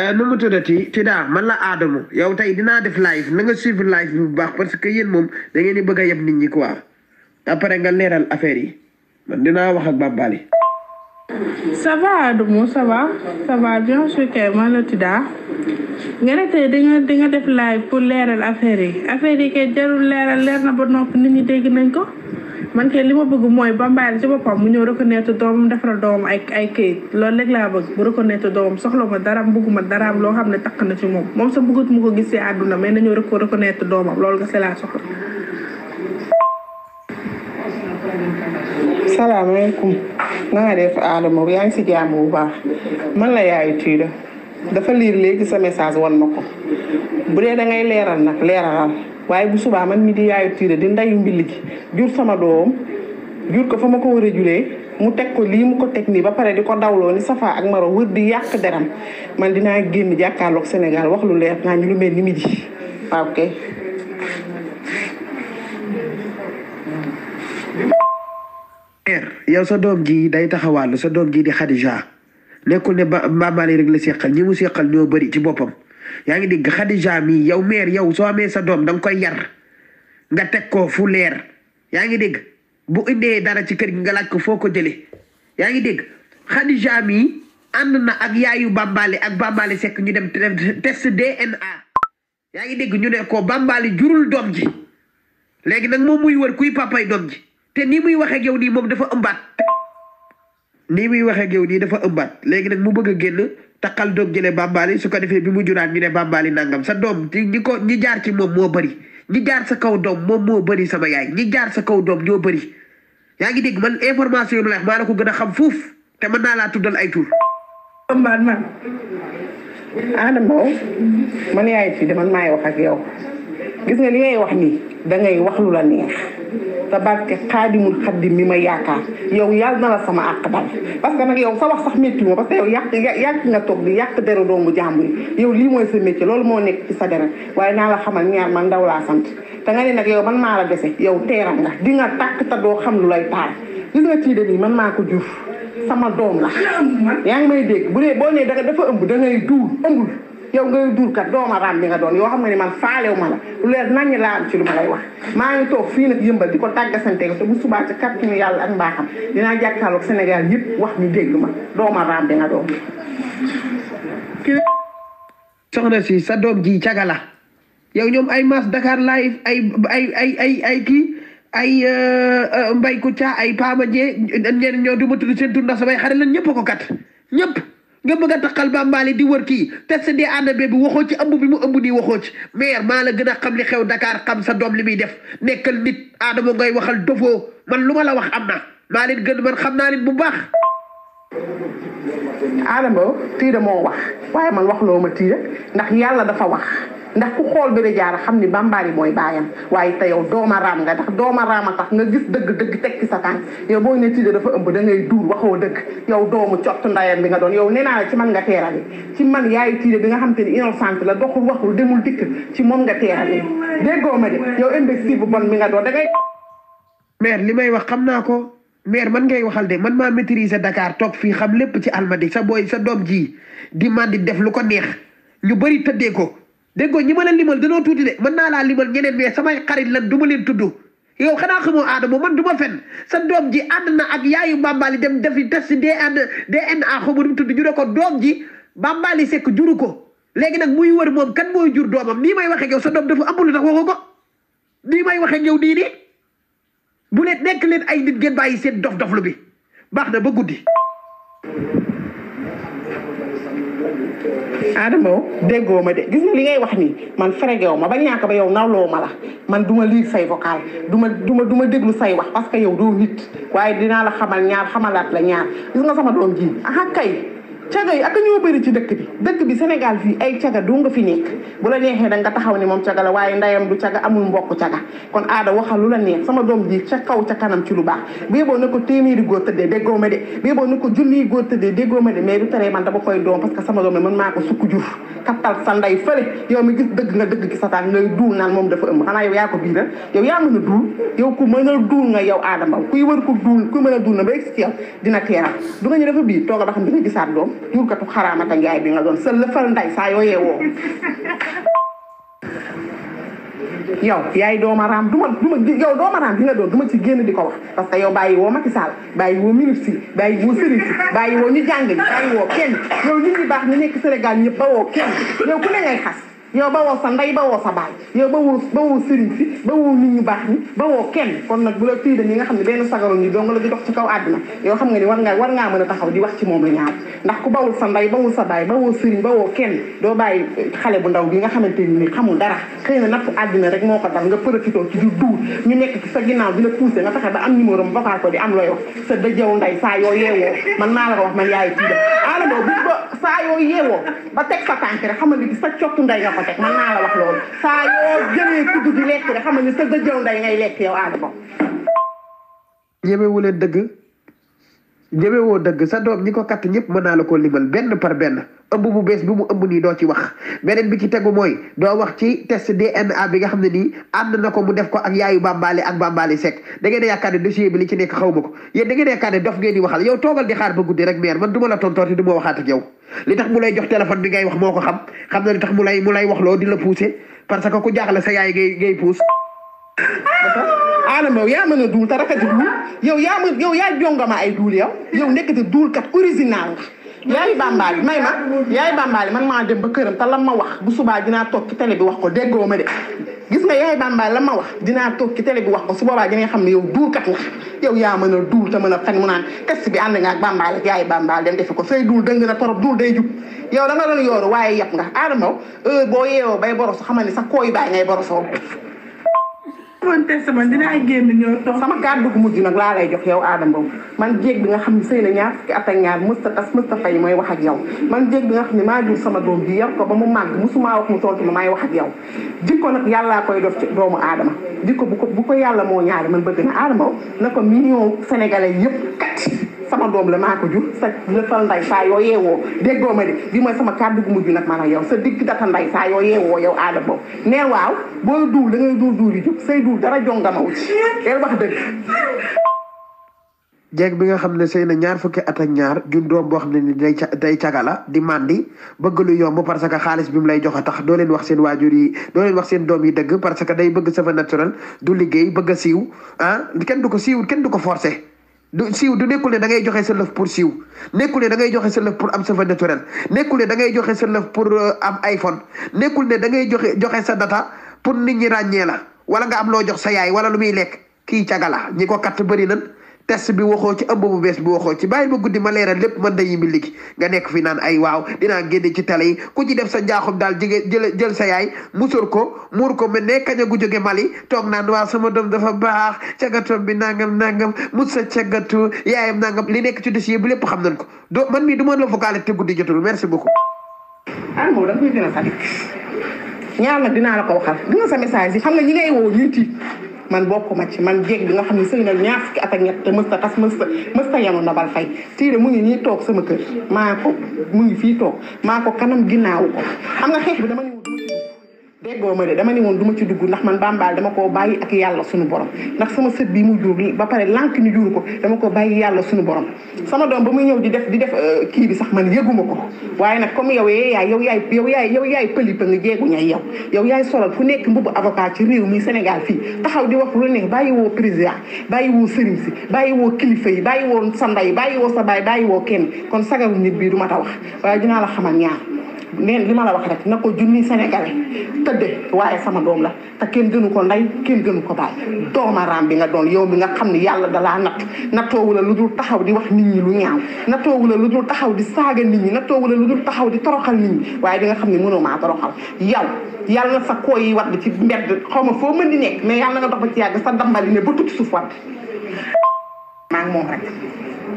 Eh, nu mu tuddati Tida man la Adamo yow tey dinaa def live na nga suivre live bu baax parce que yéen moom dangeen ngeen bëgg a yeb nit ñi quoi après nga leeral affaire yi man dinaa wax ak Babali. ça va Adamo ça va ça man la Tida nga ne tey def live pour leeral affaire yi affaire yi kay jarul leeral leer na ba noppi nit ñi dégg nañ ko. man kay li ma bëgg mooy ba Bambaye ci boppam mu ñëw reconnaître doomam defaral doomam ay ay këyit loolu léegi laa bëgg bu reconnaître doomam soxla ma daraam bëgguma loo xam ne takk na ci moom moom sa bëggut mu ko gisee àdduna mais nañoo rek reconnaître doomam loolu nga laa soxla. salaamaaleykum na nga def Adama yaa ngi si jàmm bu baax man la yaayu Tuuda dafa liir léegi sa message wan ma ko bu dee da ngay leeral nag leeralal. waaye bu subaa man mi di yaayu tiire di ndeyu mbilli gi jur sama doom jur ko fa ma ko war a juree mu teg ko lii mu ko teg nii ba pare di ko dawloo ni safa ak maro wër di yàq deram man dinaa génn jàkkaarloog Sénégal wax lu leer naa ñu lu mel ni mi ji waaw ah, kay yow sa doom ji day taxawaalu sa doom ji di Khadija nekkul ne ba maamaale rek la seqal ñi mu seqal ñoo bari ci boppam yaa ngi dégg Khadija mi yow meer yow soo amee sa doom danga koy yar nga teg ko fu leer yaa ngi dégg bu indee dara ci kër gi nga laaj ko foo ko jëlee yaa ngi dégg Khadija mi ànd na ak yaayu Bambali ak Bambali sekk ñu dem test DNA yaa ngi dégg ñu ne ko Bambali jurul doom ji léegi nag moom muy wër kuy papay doom ji te nii muy waxee ak yow nii moom dafa ëmbaat nii muy waxee ak yow nii dafa ëmbaat léegi nag mu bëgg a génn takkal doom ji ne bàmbaali su ko defee bi mu juraan ñu ne bàmbaali nangam sa doom ñi ko ñi jaar ci moom moo bëri ñi jaar sa kaw doom moom moo bëri sama yaay ñi jaar sa kaw doom ñoo bëri yaa ngi dégg man information yi la maa la ko gën a xam foofu te mën naa laa tuddal ay tur. man man Adama man de man maay ak yow gis nga li ngay te barke xaadimul xaddim mi ma yaakaar yow yàlla na la sama àq dal parce que nag yow sa wax sax métti ma parce que yow yàq yàq nga toog di yàq dere doomu jàmbur yi yow lii mooy sa métier loolu moo nekk ci sa dere waaye naa la xamal ñaar man ndaw laa sant te nga ne nag yow man maa la dese yow teeral nga di nga tàkk te doo xam lu lay taal gis nga tiide bi man maa ko juuf sama doom la yaa ngi may dégg bu dee boo nee dafa ëmb dangay ngay duul ëmbul yow ngay duurkat doomu raam bi nga doon yoo xam ne man faalew ma la lu leer nañ laa am ci lu ma lay wax maa ngi toog fii nag yëmbal di ko tàggasante te bu subaa ci kàttanu yàlla ak mbaaxam dinaa jàkkaarloog Sénégal yëpp wax ñu dégg ma doomu si sa doom ji cagala yow ñoom ay mas Dakar live ay ay ay kii ay mbay ku ca ay paama jee ñeen ñoo du ma tudd seen tur ndax samay xarit lan ñëpp ko kat ñëpp nga bëgg a taxal bambaali di wër kii test di ànd bi waxoo ci ëmb bi mu ëmb nii waxoo ci maire maa la gën a xam li xew dakaar xam sa doom li muy def nekkal nit Adama ngay waxal dofoo man lu ma la wax am na maa leen gën man xam naa leen bu baax. Adama tiida moo wax waaye man waxuloo ma tiida ndax yàlla dafa wax. ndax ku xool Bébé a xam ni Bambali mooy baayam waaye te yow dooma raam nga ndax dooma raam a tax nga gis dëgg-dëgg tekki sa tànk yow boo ne Tijja dafa ëmb da ngay duur waxoo dëgg yow doomu cott ndayam bi nga doon yow nee naa la ci man nga teerale ci man yaay Tijja bi nga xam te ni innocente la doxul waxul demul dikk ci moom nga teerale déggoo ma de yow imbécile bu bon bi nga doon da ngay maire li may wax xam naa ko maire man ngay waxal de man maa maîtriser Dakar toog fii xam lépp ci Almadies sa booy sa doom ji di man di def lu ko neex ñu bëri tëddee ko dégg nga ñi ma la limal danoo tuuti de mën naa laa limal ñeneen mais samay xarit la du ma leen tudd yow xanaa xamoo aadama man du ma fen sa doom ji ànd na ak yaayu bambali dem defi test DNA DNA xamu nu mu tudd ñu ne doom ji bambali sekk juru ko léegi nag muy wër moom kan mooy jur doomam nii may waxee yow sa doom dafa amul lu tax waxoo ko nii may waxee yow nii nii bu nekk leen ay nit ngeen bàyyi seet dof doflu bi baax na ba guddi Adama déggoo ma de gis nga li ngay wax nii man feregew ma ba ñàkk ba yow nawloo ma la man duma ma say vocal du ma du ma du ma déglu say wax parce que yow doo nit waaye dinaa la xamal ñaar xamalaat la ñaar gis nga sama doom ji aha kay caga yi ak ñoo bëri ci dëkk bi dëkk bi Sénégal fii ay caga du nga fi nekk bu la neexee da nga taxaw ni moom caga la waaye ndeyam du caga amul mbokk caga kon sama doom ji ca kaw ca kanam ci lu baax bii ko téeméeri góor tëddee déggoo de bii boo na ko ko sukk jur kattal sa ndey fële yow mi gis dëgg nga dëgg ci sa taat ngay duul moom dafa a duul aadama kuy wër ku duul a duul na ba xam nga gisaat doom jurkatu xaraamata ay bi nga doon sa lëfal nday saa yoo yeewoo yow yaay dooma raam du ma du yow dooma raam doon du ci génn di ko wax parce que yow bàyyi woo Macky Sall bàyyi woo ministre yi bàyyi woo sëriñ bàyyi woo ñu jàng ñi bàyyi woo kenn yow nit ñi baax ñu nekk Sénégal ñëpp woo kenn yow ku ne ngay xas yow ba woo sa ndey ba woo sa baay yow ba woo ba woo sëriñ si ba woo nit ñu baax ñi ba woo kenn kon nag bu la tiida ñi nga xam ne benn sagaru ñi dong la di dox ci kaw àdduna yow xam nga ni war nga war ngaa mën a taxaw di wax ci moom la ñaaw ndax ku bawul sa ndey bawul sa baay ba woo sëriñ ba woo kenn doo bàyyi xale bu nga xamante ni xamul dara xëy na nattu àdduna rek moo ko dal nga profitoo ci di duur ñu nekk ci sa ginnaaw di la poussé nga fexe ba am numéro am vocal ko di am looy wax sa dëjëw ndey saa yoo yeewoo man naa la ko wax man yaay tiida alamo bu ba saa yoo yeewoo ba teg sa tànk rek xamal ni sa cottu ndey nga ko teg wax loolu saa yoo xam nga ni sa dëjëw nday ngay lekk yow Adama. ñemewuleen dëgg ñemewoo dëgg sa doom ñi ko katt ñëpp mën naa la ko limal benn par benn ëmb bu bees bi mu ëmb nii doo ci wax beneen bi ci tegu mooy doo wax ci test DNA bi nga xam ne nii ànd na ko mu def ko ak yaayu bambali ak bambali sec da ngeen yaakaar ne dossier bi li ci nekk xaw ma ko yéen da yaakaar ne dof ngeen di waxal yow toogal di xaar ba guddi rek man du la tontooti du ma waxaat ak yow. li tax mu lay jox téléphone bi ngay wax moo ko xam xam na ni tax mu lay mu lay wax loo di la poussé parce que ku jaaxle sa yaay ngay ngay pousse. Adama yow yaa mën a duul te rafet duul yow yaa mën yow yaa jongama ay duul yow yow nekk te duulkat original. yaay bàmbaali may ma yaay bàmbaali man maa dem ba këram te lan ma wax bu subaa dinaa toog ci télé bi wax ko déggoo ma de gis nga yaay bàmbaali lan ma wax dinaa toog ci télé bi wax ko su boobaa dina xam ne yow duulkat nga yow yaa mën a duul te mën a fen mu naan kest bi ànd nga ak bàmbaali ak yaay bàmbaali dem defi ko say duul dëng na torop duul day jub yow da nga doon yooru waaye yàpp nga aadamaw heure boo yeewoo bay boros xamal ni sa kooy baay ngay borosoo conteste man dinaa génn ñëw toog. sama kàddu gu mujj nag laa lay jox yow Adama boobu man jéeg bi nga xam ne sëy na ñaar fukki at ak ñaar mësta tas mësta mooy wax ak yow man jéeg bi nga xam ne maa jur sama doom bi yar ko ba mu màgg musumaa wax mu tontu ma maay wax ak yow jikko nag yàllaa koy def ci doomu aadama jikko bu ko bu ko yàlla moo ñaari man bëgg na Adama na ko million sénégalais yëpp kat sama doom la maa ko jur sa lëfal nday saa yoo yeewoo déggoo ma de bi mooy sama kàddu gu mujj nag maanaam yow sa digg data nday saa yoo yow aada boobu nee waaw booy duul da ngay duul duul yi jub say wax dëgg bi nga xam ne sëy na ñaar fukki at ak ñaar jur doom boo xam ne ni day day cagala di mandi bëgg lu yomb parce que xaalis bi mu lay jox a tax doo leen wax seen waajur yi doo leen wax seen doom yi dëgg parce que day bëgg sama naturel du liggéey bëgg a siiw ah kenn du ko siiw kenn du ko forcé du siiw du nekkul ne da ngay joxe sa lëf pour siiw nekkul ne dangay ngay joxe sa lëf pour am sa fa naturel nekkul ne da ngay joxe sa lëf pour euh, am iPhone nekkul ne da ngay joxe joxe sa data pour nit ñi ràññee la wala nga am loo jox sa yaay wala lu muy lekk kii caga ñi ko kat bari nan test bi waxoo ci ëmb bu bees bi waxoo ci bàyyi ba guddi ma leeral lépp mën na yimbi liggi nga nekk fi naan ay waaw dinaa génne ci tale ku ci def sa njaaxum daal jige jël sa ko muur ko mel ne kañ a gu jóge Mali toog naan waa sama doom dafa baax cagatoom bi nangam nangam mus sa cagatu yaayam nangam li nekk ci dossier bi lépp xam nañ ko do man mii du ma la vocale te guddi jotul merci beaucoup. ah Maodo da nga koy gën a Fatick ñaar nag dinaa la ko waxal gis sa message yi xam nga ñi ngay woo ñuy tiit man bokkuma ci man jéeg bi nga xam ne sëy na ñaar fukki at ak ñett te mësta tas mësta mësta yanu na bal fay tiire mu ngi nii toog sama kër maa ko mu ngi fii toog maa ko kanam ginnaaw ko xam nga xeex bi dama ñëw déggoo ma dama ne woon duma ci dugg ndax man bambaal dama koo bàyyi ak yàlla suñu borom ndax sama sët bi mu jur ba pare lànk ni juru ko dama koo bàyyi yàlla suñu borom sama doom ba muy ñëw di def di def euh, kii bi sax man yëguma ko waaye nag comme yow eh, yee yow yaay yow yaay yow yaay pëlipa nga jeegu ñay yow yow yaay solal fu nekk mbubu avocat ci réew mii Sénégal fii taxaw di wax lu ne bàyyi woo président bàyyi woo sëriñ si bàyyi woo kilifa yi bàyyi woo sa ndey bàyyi woo sa baay bàyyi woo kenn kon sagaru nit bii ma ta wax dinaa la xamal ñaar neen li ma la wax rek na ko junni sénégalais tëdde waaye sama doom la te kenn gënu ko ndey kenn gënu ko baay doomaraam bi nga doon yow bi nga xam ne yàlla dalaa natt nattoowu la lu taxaw di wax nit ñi lu ñaaw nattoowu la lu dul taxaw di saaga nit ñi nattoowu la lu dul taxaw di toroxal nit ñi waaye di nga xam ne mënoo maa toroxal yow yàlla na sa kooy yi wadd ci mbedd xaw ma foo mën ni nekk mais yàlla na nga dox ba ci yàgg sa dambali ne ba tukki suuf wadd maa moom rek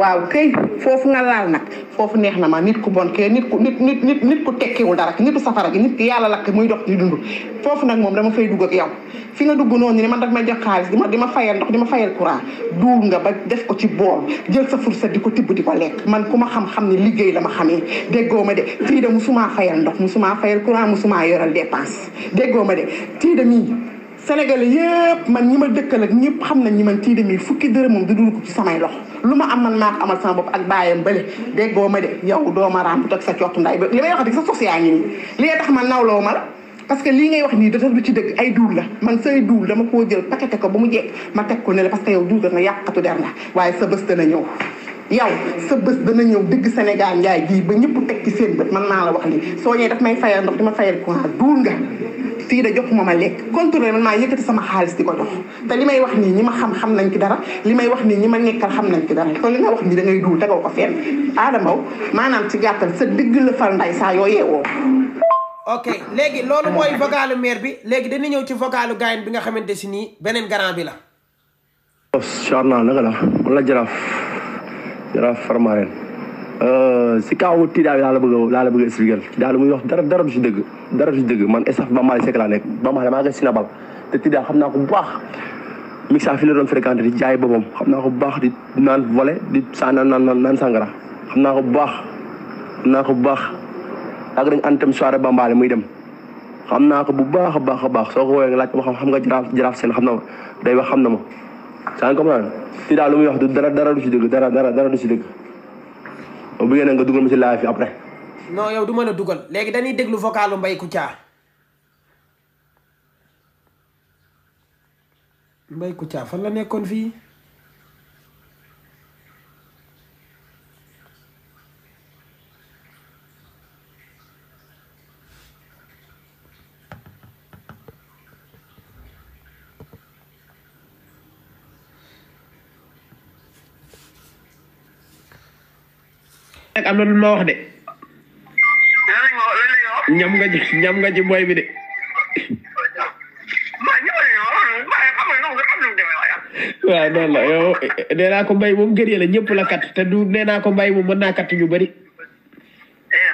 waaw kay foofu nga laal nag foofu neex na ma nit ku bon kee nit ku nit nit nit nit ku tekkiwul dara nitu safara gi nit ki yàlla lakk muy dox di dund foofu nag moom dama fay dugg ak yow fi nga dugg noonu ne man daf ma jox xaalis di ma di ma fayal ndox di ma fayal courant duur nga ba def ko ci bool jël sa fursa di ko tibb di ko lekk man ku ma xam-xam ne liggéey la ma xamee déggoo ma de fii de musumaa fayal ndox musumaa fayal courant musumaa yoral dépense déggoo ma de tii de mii Sénégal yëpp man ñi ma dëkkal ak ñëpp xam nañ ñi man tii de mii fukki dërëm moom du dul ko ci samay loxo lu ma am man maa amal sama bopp ak bàyyam bële dégg boo ma de yow doo ma ràmbu toog sa cottu nday ba li may wax di sa sos yaa ngi nii li tax ma nawloo ma la parce que lii ngay wax nii dafa lu ci dëgg ay duul la man say duul dama koo jël pakete ko ba mu jekk ma teg ko ne la parce que yow duul da nga yàqatu der nga waaye sa bés dana ñëw yow sa bés dana ñëw dëgg Sénégal njaay jii ba ñëpp teg ci seen bët man naa la wax lii soo ñëwee daf may fayal ndox di ma fayal courant duur nga fii da jox ma ma lekk contrôlé man maa yëkkati sama xaalis di ko li may wax nii ñi ma xam xam nañ ci dara li may wax nii ñi ma nekkal xam nañ ci dara kon li nga wax da ngay duul tegoo ko fenn Adamaw maanaam ci gàttal sa dëgg la fal nday saa yoo yeewoo ok léegi loolu mooy vocalu maire bi léegi dana ñëw ci vocalu gaayen bi nga xamante si nii beneen garant bi la charna naka la la jaraaf Jaraaf Farmaréne euh, si kaw Tida bi laa la bëgg a laa la bëgg a expliquer muy wax dara dara du si dëgg dara du si dëgg man staff Bamba Malick Seck laa nekk Bamba Malick maa ngi Sinabal te Tida xam naa ko bu baax. Mixa fi la doon fréquenté di jaay boppam xam naa ko bu baax di naan volé di saa naan naan naan sangara xam naa ko bu baax xam naa ko bu baax ak dañ antam soirée bambale muy dem. xam naa ko bu baax a baax a baax soo ko woowee nga laaj xam xam nga jaraaf jaraaf seen xam na ma day wax xam na ma. saa ngi comprendre ti daal lu muy wax du dara dara du ci dëgg dara dara dara du ci dëgg bu ngeen nga dugal ma ci live fi après non yow du mën a dugal léegi dañuy déglu vocalu Mbaye Kouthia Mbaye Kouthia fan la nekkoon fii am na lu ma wax de. ñam nga ñam nga ci boy bi de. waaw noonu la yow nee naa ko mbay moom gën la ñëpp la kat te du nee ko mbay moom mën naa kat ñu bari eh,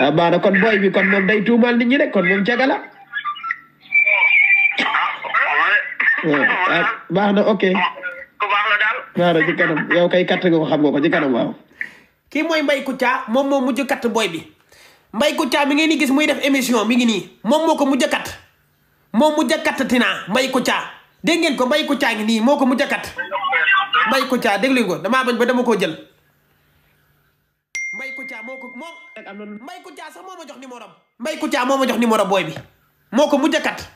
ah baana kon boy bi kon moom day tuumaal nit ñi rek kon moom caga ah, ah, baax na ok. Ah, xaaral ci kanam yow kay katt nga ko xam nga kii mooy Mbaye Kouthia moom moo mujj katt booy bi Mbaye Kouthia mi ngeen di gis muy def émission mi ngi nii moom moo ko mu a katt moom mujj a katt Tina Mbaye dégg ngeen ko Mbaye Kouthia ngi nii moo ko mujj a katt Mbaye Kouthia dégg ngeen ko damaa ba dama koo jël. Mbaye ko moom ak am na Mbaye Kouthia jox numéro am. Mbaye Kouthia ma jox numéro booy bi moo ko mujj a katt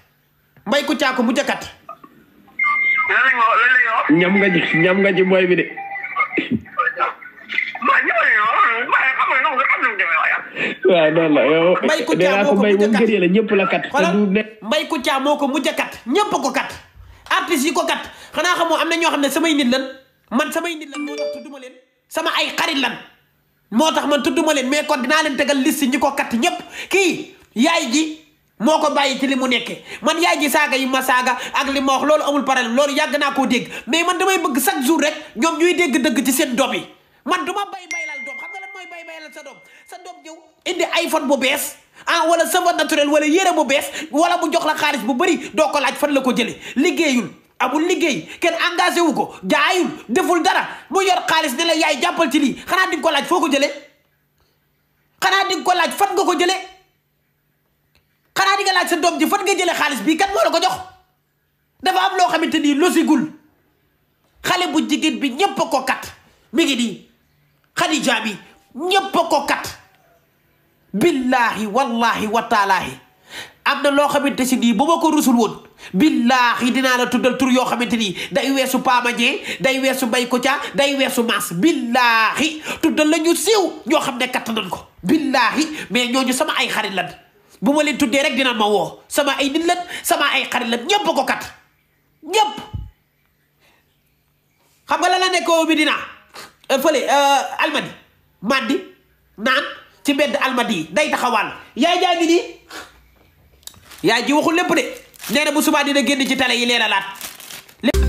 Mbaye Kouthia ko mujj a katt ñam nga ci ñam nga ci booy bi de. waaw noonu la yow. mbay Koutia moo ko mujj a kat la ñëpp la kat. mbay Koutia moo ko mujj kat ñëpp ko kat. xanaa xamoo am na ñoo xam ne sama nit lan man sama nit lan moo tax leen sama ay xarit lan moo tax man tudduma leen mais kon dinaa leen tegal liste ñi ko kat ñëpp kii yaay ji. moo ko bàyyi ci li mu nekkee man yaay ji saaga yi ma saaga ak li ma wax loolu amul problème loolu yàgg naa koo dégg mais man damay bëgg chaque jour rek ñoom ñuy dégg dëgg ci seen doom yi man du ma bay baylal doom xam nga lan mooy bay baylal sa doom sa doom ñëw indi iPhone bu bees ah wala sama naturel wala yére bu bees wala mu jox la xaalis bu bëri doo ko laaj fan la ko jëlee liggéeyul amul liggéey kenn engagé wu ko jaayul deful dara mu yor xaalis ne la yaay jàppal ci lii xanaa di nga ko laaj foo ko jëlee xanaa di nga ko laaj fan nga ko jëlee. xanaa di nga laaj sa doom ji fan nga jëlee xaalis bii kat moo la ko jox dafa am loo xamante ni losigul xale bu jigéen bi ñépp ko kat mi ngi nii Xadija bi ñépp a ko kat billaahi wallaahi wataalaahi am na loo xamante si nii bu ma ko rusul woon billaahi dinaa la tuddal tur yoo xamante nii day weesu Pama Dieng day weesu Mbay Kocca day weesu Maas billaahi tuddal la ñu siiw ñoo xam ne katt nañ ko billaahi mais ñooñu sama ay xarit lan bu ma leen tuddee rek dina ma woo sama ay nit lan sama ay xarit lan ñëpp ko kat ñëpp xam nga la la nekkoo bi dina euh, fële euh, almadi mandi naan ci mbedd almadi yi day taxawal yaay jaa ngi nii yaay ji waxul lépp de nee na bu subaa dina génn ci tale yi leeralaat